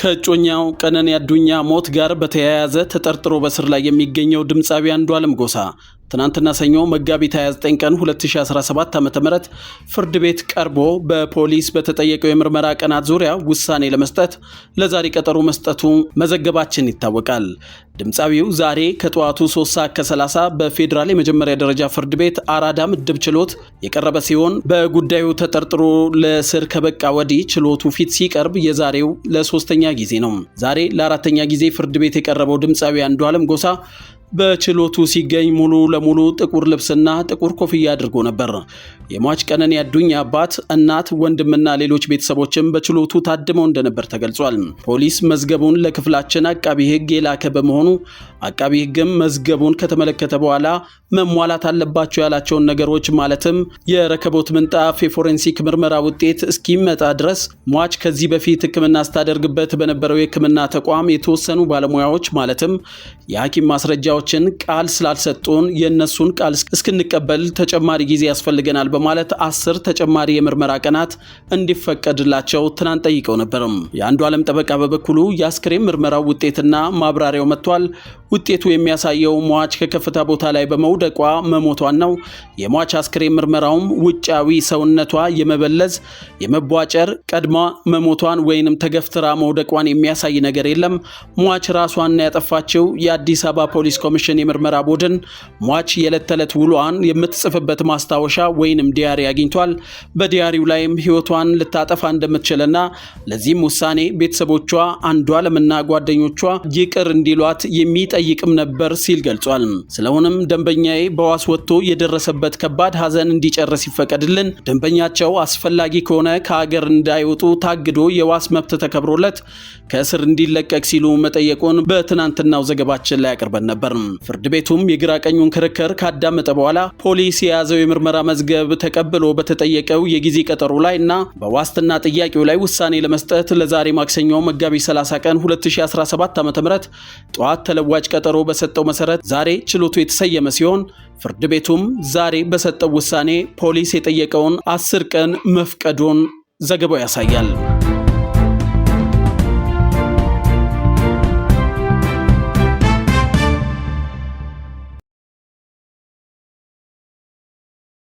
ከእጮኛው ቀነኔ አዱኛ ሞት ጋር በተያያዘ ተጠርጥሮ በስር ላይ የሚገኘው ድምፃዊ አለም ጎሳ ትናንትና ሰኞ መጋቢት 29 ቀን 2017 ዓ ም ፍርድ ቤት ቀርቦ በፖሊስ በተጠየቀው የምርመራ ቀናት ዙሪያ ውሳኔ ለመስጠት ለዛሬ ቀጠሮ መስጠቱ መዘገባችን ይታወቃል። ድምፃዊው ዛሬ ከጠዋቱ 3 ሰዓት ከ30 በፌዴራል የመጀመሪያ ደረጃ ፍርድ ቤት አራዳ ምድብ ችሎት የቀረበ ሲሆን በጉዳዩ ተጠርጥሮ ለእስር ከበቃ ወዲህ ችሎቱ ፊት ሲቀርብ የዛሬው ለሶስተኛ ጊዜ ነው። ዛሬ ለአራተኛ ጊዜ ፍርድ ቤት የቀረበው ድምፃዊ አንዱ አለም ጎሳ በችሎቱ ሲገኝ ሙሉ ለሙሉ ጥቁር ልብስና ጥቁር ኮፍያ አድርጎ ነበር። የሟች ቀነኒ አዱኛ አባት፣ እናት፣ ወንድምና ሌሎች ቤተሰቦችም በችሎቱ ታድመው እንደነበር ተገልጿል። ፖሊስ መዝገቡን ለክፍላችን አቃቢ ሕግ የላከ በመሆኑ አቃቢ ሕግም መዝገቡን ከተመለከተ በኋላ መሟላት አለባቸው ያላቸውን ነገሮች ማለትም የረከቦት ምንጣፍ የፎሬንሲክ ምርመራ ውጤት እስኪመጣ ድረስ ሟች ከዚህ በፊት ሕክምና ስታደርግበት በነበረው የሕክምና ተቋም የተወሰኑ ባለሙያዎች ማለትም የሐኪም ማስረጃ መረጃዎችን ቃል ስላልሰጡን የእነሱን ቃል እስክንቀበል ተጨማሪ ጊዜ ያስፈልገናል በማለት አስር ተጨማሪ የምርመራ ቀናት እንዲፈቀድላቸው ትናንት ጠይቀው ነበርም። የአንዱ ዓለም ጠበቃ በበኩሉ የአስክሬን ምርመራው ውጤትና ማብራሪያው መጥቷል። ውጤቱ የሚያሳየው ሟች ከከፍታ ቦታ ላይ በመውደቋ መሞቷን ነው። የሟች አስክሬን ምርመራውም ውጫዊ ሰውነቷ የመበለዝ የመቧጨር፣ ቀድማ መሞቷን ወይንም ተገፍትራ መውደቋን የሚያሳይ ነገር የለም። ሟች ራሷን ያጠፋችው የአዲስ አበባ ፖሊስ ኮሚሽን የምርመራ ቡድን ሟች የዕለት ተዕለት ውሏን የምትጽፍበት ማስታወሻ ወይንም ዲያሪ አግኝቷል። በዲያሪው ላይም ሕይወቷን ልታጠፋ እንደምትችልና ለዚህም ውሳኔ ቤተሰቦቿ አንዷለምና ጓደኞቿ ይቅር እንዲሏት የሚጠይቅም ነበር ሲል ገልጿል። ስለሆነም ደንበኛዬ በዋስ ወጥቶ የደረሰበት ከባድ ሀዘን እንዲጨርስ ይፈቀድልን፣ ደንበኛቸው አስፈላጊ ከሆነ ከሀገር እንዳይወጡ ታግዶ የዋስ መብት ተከብሮለት ከእስር እንዲለቀቅ ሲሉ መጠየቁን በትናንትናው ዘገባችን ላይ አቅርበን ነበር። ፍርድ ቤቱም የግራ ቀኙን ክርክር ካዳመጠ በኋላ ፖሊስ የያዘው የምርመራ መዝገብ ተቀብሎ በተጠየቀው የጊዜ ቀጠሮ ላይ እና በዋስትና ጥያቄው ላይ ውሳኔ ለመስጠት ለዛሬ ማክሰኞ መጋቢት 30 ቀን 2017 ዓ.ም ጠዋት ተለዋጭ ቀጠሮ በሰጠው መሰረት ዛሬ ችሎቱ የተሰየመ ሲሆን ፍርድ ቤቱም ዛሬ በሰጠው ውሳኔ ፖሊስ የጠየቀውን 10 ቀን መፍቀዱን ዘገባው ያሳያል።